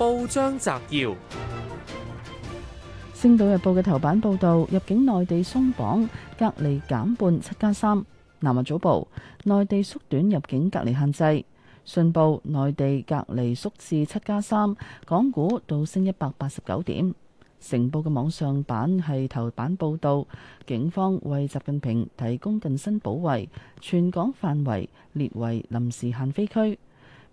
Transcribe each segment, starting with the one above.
報章摘要：星島日報嘅頭版報道入境內地鬆綁，隔離減半，七加三。南華早報：內地縮短入境隔離限制。信報：內地隔離縮至七加三。港股倒升一百八十九點。成報嘅網上版係頭版報道，警方為習近平提供近身保衛，全港範圍列為臨時限飛區。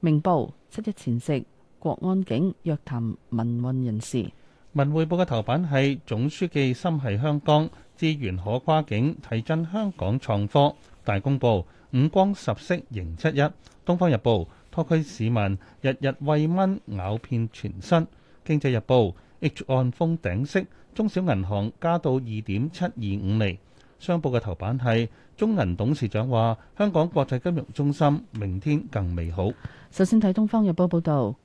明報：七一前夕。國安警約談民運人士，《文匯報》嘅頭版係總書記心繫香港，資源可跨境提振香港創科。《大公報》五光十色迎七一，《東方日報》拖區市民日日餵蚊咬遍全身，《經濟日報》H 按封頂息，中小銀行加到二點七二五厘。《商報》嘅頭版係中銀董事長話香港國際金融中心明天更美好。首先睇《東方日報》報道。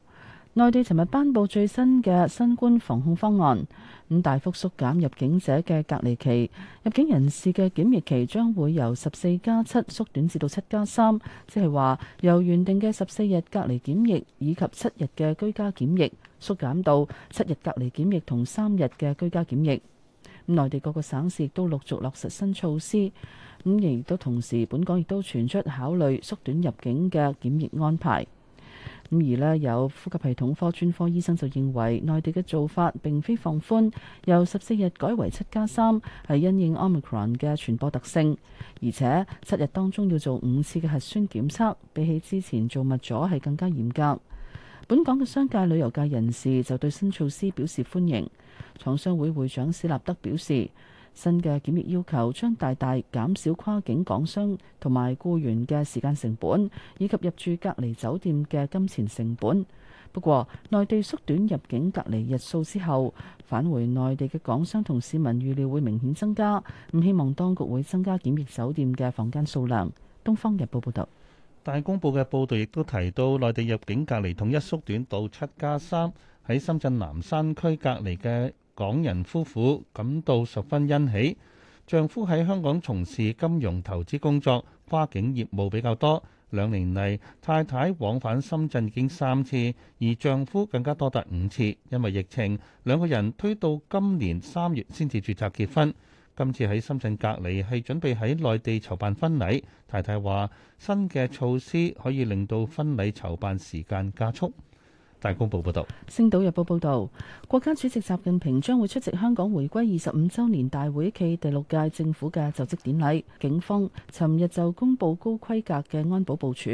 內地尋日頒布最新嘅新冠防控方案，咁大幅縮減入境者嘅隔離期，入境人士嘅檢疫期將會由十四加七縮短至到七加三，即係話由原定嘅十四日隔離檢疫以及七日嘅居家檢疫縮減到七日隔離檢疫同三日嘅居家檢疫。咁內地各個省市都陸續落實新措施，咁亦都同時本港亦都傳出考慮縮短入境嘅檢疫安排。咁而呢，有呼吸系統科專科醫生就認為，內地嘅做法並非放寬，由十四日改為七加三，係因應 Omicron 嘅傳播特性，而且七日當中要做五次嘅核酸檢測，比起之前做密咗係更加嚴格。本港嘅商界、旅遊界人士就對新措施表示歡迎。廠商會會長史立德表示。新嘅檢疫要求將大大減少跨境港商同埋雇員嘅時間成本，以及入住隔離酒店嘅金錢成本。不過，內地縮短入境隔離日數之後，返回內地嘅港商同市民預料會明顯增加。唔希望當局會增加檢疫酒店嘅房間數量。《東方日報》報道，大公報嘅報道亦都提到，內地入境隔離統一縮短到七加三，喺深圳南山區隔離嘅港人夫婦感到十分欣喜，丈夫喺香港從事金融投資工作，跨境業務比較多。兩年嚟，太太往返深圳已經三次，而丈夫更加多達五次。因為疫情，兩個人推到今年三月先至註冊結婚。今次喺深圳隔離係準備喺內地籌辦婚禮。太太話，新嘅措施可以令到婚禮籌辦時間加速。大公報報導，《星島日報》報導，國家主席習近平將會出席香港回歸二十五週年大會暨第六屆政府嘅就職典禮。警方尋日就公布高規格嘅安保部署，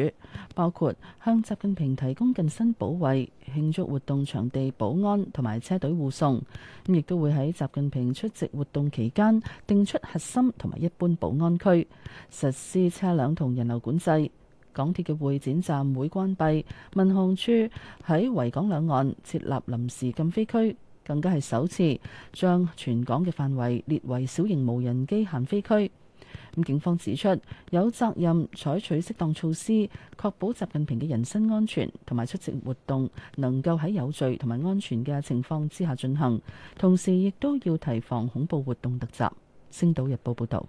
包括向習近平提供近身保衞、慶祝活動場地保安同埋車隊護送。亦都會喺習近平出席活動期間定出核心同埋一般保安區，實施車輛同人流管制。港鐵嘅會展站會關閉，民航處喺維港兩岸設立臨時禁飛區，更加係首次將全港嘅範圍列為小型無人機限飛區。咁警方指出，有責任採取適當措施，確保習近平嘅人身安全同埋出席活動能夠喺有序同埋安全嘅情況之下進行，同時亦都要提防恐怖活動突襲。星島日報報道。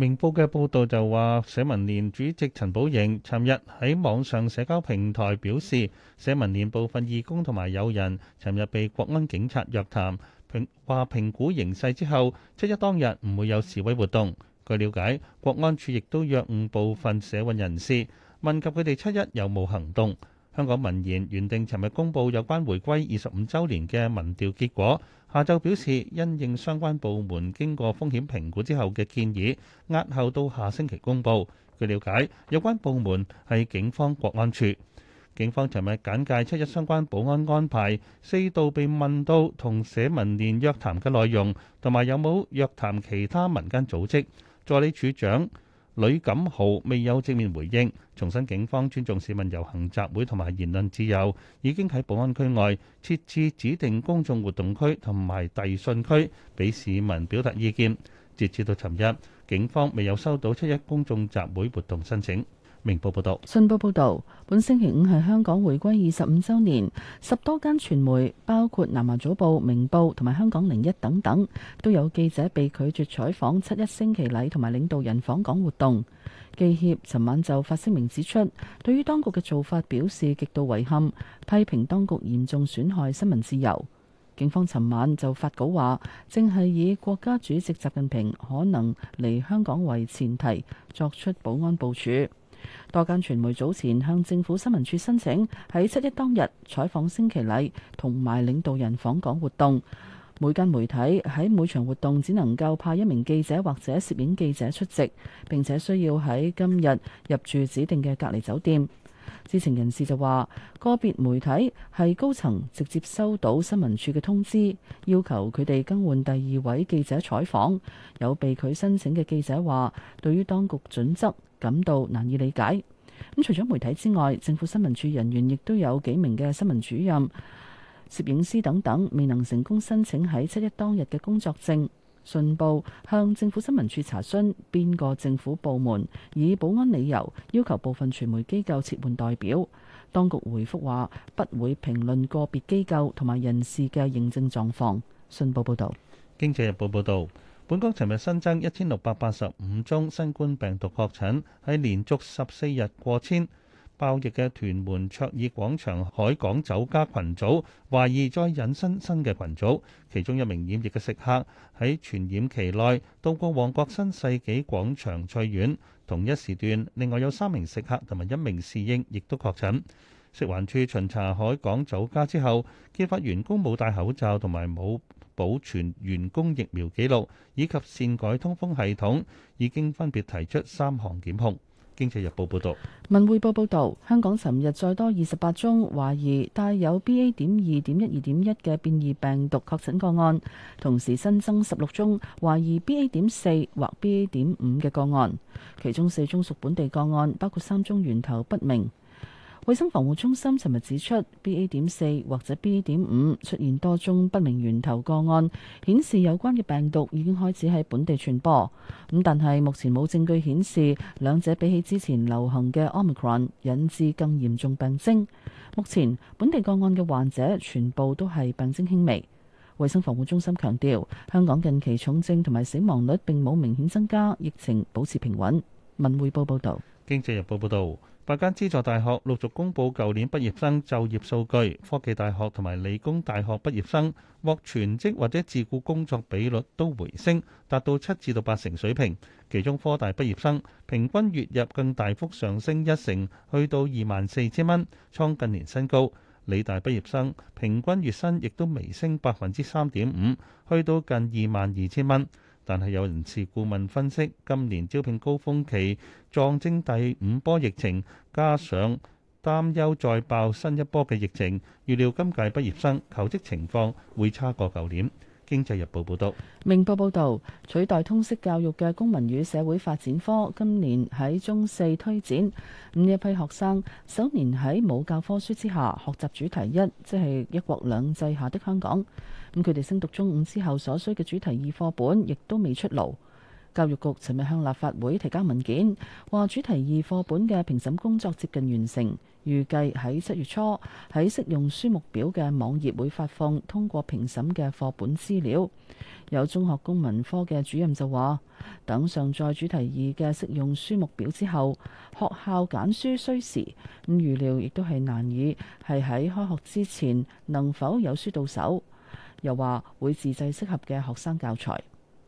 明報嘅報道就話，社民連主席陳寶瑩尋日喺網上社交平台表示，社民連部分義工同埋友人尋日被國安警察約談，評話評估形勢之後，七一當日唔會有示威活動。據了解，國安處亦都約晤部分社運人士，問及佢哋七一有冇行動。香港民研原定尋日公佈有關回歸二十五週年嘅民調結果，下晝表示因應相關部門經過風險評估之後嘅建議，押後到下星期公佈。據瞭解，有關部門係警方國安處。警方尋日簡介七一相關保安安排，四度被問到同社民連約談嘅內容，同埋有冇約談其他民間組織。助理處長呂錦豪未有正面回應，重申警方尊重市民遊行集會同埋言論自由，已經喺保安區外設置指定公眾活動區同埋遞信區，俾市民表達意見。截至到尋日，警方未有收到七一公眾集會活動申請。明報報導，信報報導，本星期五係香港回歸二十五週年，十多間傳媒，包括南華早報、明報同埋香港零一等等，都有記者被拒絕採訪七一升旗禮同埋領導人訪港活動。記協尋晚就發聲明指出，對於當局嘅做法表示極度遺憾，批評當局嚴重損害新聞自由。警方尋晚就發稿話，正係以國家主席習近平可能嚟香港為前提作出保安部署。多間傳媒早前向政府新聞處申請喺七一當日採訪升旗禮同埋領導人訪港活動。每間媒體喺每場活動只能夠派一名記者或者攝影記者出席，並且需要喺今日入住指定嘅隔離酒店。知情人士就話，個別媒體係高層直接收到新聞處嘅通知，要求佢哋更換第二位記者採訪。有被拒申請嘅記者話，對於當局準則。感到難以理解。咁除咗媒體之外，政府新聞處人員亦都有幾名嘅新聞主任、攝影師等等未能成功申請喺七一當日嘅工作證。信報向政府新聞處查詢，邊個政府部門以保安理由要求部分傳媒機構撤換代表，當局回覆話不會評論個別機構同埋人士嘅認證狀況。信報報道：《經濟日報》報道。本港尋日新增一千六百八十五宗新冠病毒確診，喺連續十四日過千爆疫嘅屯門卓爾廣場海港酒家群組，懷疑再引申新嘅群組。其中一名染疫嘅食客喺傳染期內到過旺角新世紀廣場翠苑。同一時段另外有三名食客同埋一名侍應亦都確診。食環處巡查海港酒家之後，揭發員工冇戴口罩同埋冇保存員工疫苗記錄以及擅改通風系統，已經分別提出三項檢控。經濟日報報導，文匯報報導，香港尋日再多二十八宗懷疑帶有 B A 點二點一二點一嘅變異病毒確診個案，同時新增十六宗懷疑 B A 點四或 B A 點五嘅個案，其中四宗屬本地個案，包括三宗源頭不明。衞生防護中心尋日指出，BA. 點四或者 BA. 點五出現多宗不明源頭個案，顯示有關嘅病毒已經開始喺本地傳播。咁但係目前冇證據顯示兩者比起之前流行嘅 Omicron 引致更嚴重病徵。目前本地個案嘅患者全部都係病徵輕微。衞生防護中心強調，香港近期重症同埋死亡率並冇明顯增加，疫情保持平穩。文匯報報道。經濟日報報道。八間資助大學陸續公佈舊年畢業生就業數據，科技大學同埋理工大學畢業生獲全職或者自僱工作比率都回升，達到七至到八成水平。其中科大畢業生平均月入更大幅上升一成，去到二萬四千蚊，創近年新高。理大畢業生平均月薪亦都微升百分之三點五，去到近二萬二千蚊。但係有人事顧問分析，今年招聘高峰期撞正第五波疫情，加上擔憂再爆新一波嘅疫情，預料今屆畢業生求職情況會差過舊年。《經濟日報》報導，《明報》報導，取代通識教育嘅公民與社會發展科，今年喺中四推展。咁一批學生首年喺冇教科書之下學習主題一，即係一國兩制下的香港。咁佢哋升讀中五之後所需嘅主題二課本，亦都未出爐。教育局尋日向立法會提交文件，話主題二課本嘅評審工作接近完成，預計喺七月初喺適用書目表嘅網頁會發放通過評審嘅課本資料。有中學公民科嘅主任就話：等上載主題二嘅適用書目表之後，學校揀書需時咁預料，亦都係難以係喺開學之前能否有書到手。又話會自製適合嘅學生教材。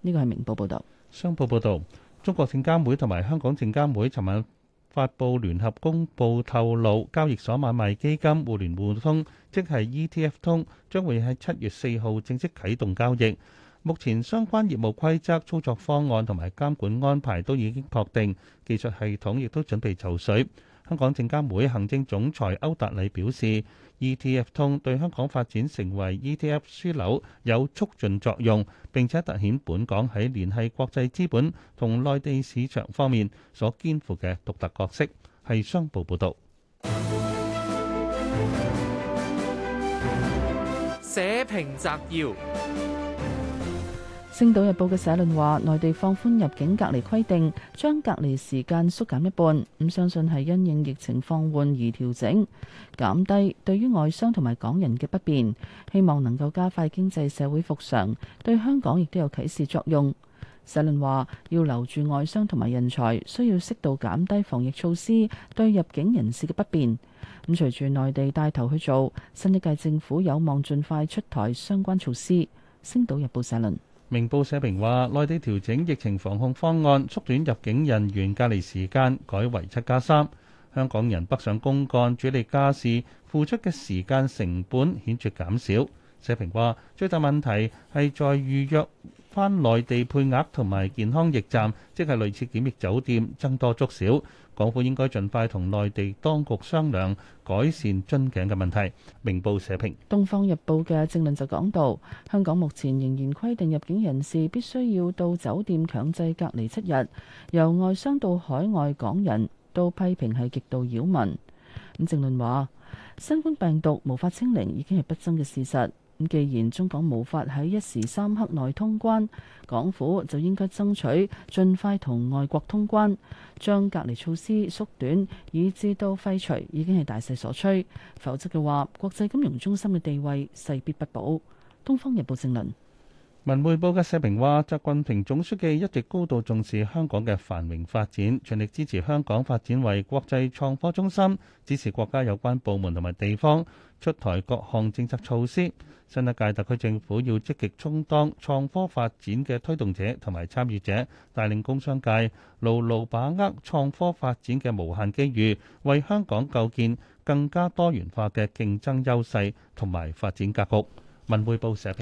呢、這個係明報報導。商報報導，中國證監會同埋香港證監會尋晚發布聯合公佈，透露交易所買賣基金互聯互通，即係 ETF 通，將會喺七月四號正式啟動交易。目前相關業務規則、操作方案同埋監管安排都已經確定，技術系統亦都準備就緒。香港證監會行政總裁歐達禮表示，ETF 通對香港發展成為 ETF 樞紐有促進作用，並且突顯本港喺聯繫國際資本同內地市場方面所肩負嘅獨特角色。係商報報導。社評摘要。《星島日報》嘅社論話，內地放寬入境隔離規定，將隔離時間縮減一半，咁、嗯、相信係因應疫情放緩而調整，減低對於外商同埋港人嘅不便，希望能夠加快經濟社會復常，對香港亦都有啟示作用。社論話，要留住外商同埋人才，需要適度減低防疫措施對入境人士嘅不便。咁、嗯、隨住內地帶頭去做，新一屆政府有望盡快出台相關措施。《星島日報》社論。明報社評話，內地調整疫情防控方案，縮短入境人員隔離時間，改為七加三。3，香港人北上公幹、處理家事，付出嘅時間成本顯著減少。社評話：最大問題係再預約翻內地配額同埋健康驛站，即係類似檢疫酒店，僧多粥少。港府應該盡快同內地當局商量改善樽頸嘅問題。明報社評。《東方日報》嘅正論就講到，香港目前仍然規定入境人士必須要到酒店強制隔離七日，由外商到海外港人，都批評係極度擾民。咁正論話：新冠病毒無法清零已經係不爭嘅事實。咁既然中港無法喺一時三刻內通關，港府就應該爭取盡快同外國通關，將隔離措施縮短，以至到廢除，已經係大勢所趨，否則嘅話，國際金融中心嘅地位勢必不保。《東方日報》正論。文匯報嘅社評話：習近平總書記一直高度重視香港嘅繁榮發展，全力支持香港發展為國際創科中心，支持國家有關部門同埋地方出台各項政策措施。新一屆特區政府要積極充當創科發展嘅推動者同埋參與者，帶領工商界牢牢把握創科發展嘅無限機遇，為香港構建更加多元化嘅競爭優勢同埋發展格局。文社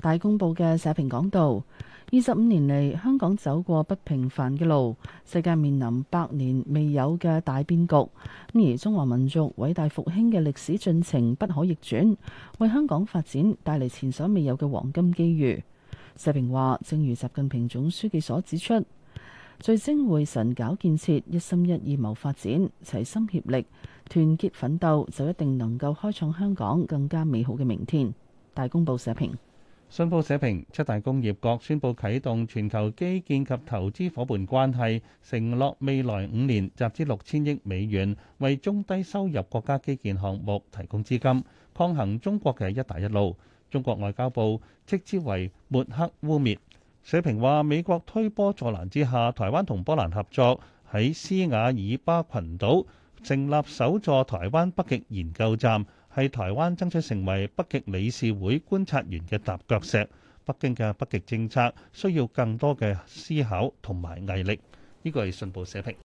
大公報嘅社評講道：二十五年嚟，香港走過不平凡嘅路，世界面臨百年未有嘅大變局。咁而中華民族偉大復興嘅歷史進程不可逆轉，為香港發展帶嚟前所未有嘅黃金機遇。社評話：正如習近平總書記所指出，聚精會神搞建設，一心一意謀發展，齊心協力團結奮鬥，就一定能夠開創香港更加美好嘅明天。大公報社評：信報社評，七大工業國宣布啟動全球基建及投資夥伴關係，承諾未來五年集資六千億美元，為中低收入國家基建項目提供資金，抗衡中國嘅「一帶一路」。中國外交部斥之為抹黑污蔑。社評話：美國推波助瀾之下，台灣同波蘭合作喺斯瓦爾巴群島成立首座台灣北極研究站。係台灣爭取成為北極理事會觀察員嘅踏腳石。北京嘅北極政策需要更多嘅思考同埋毅力。呢個係信報社評。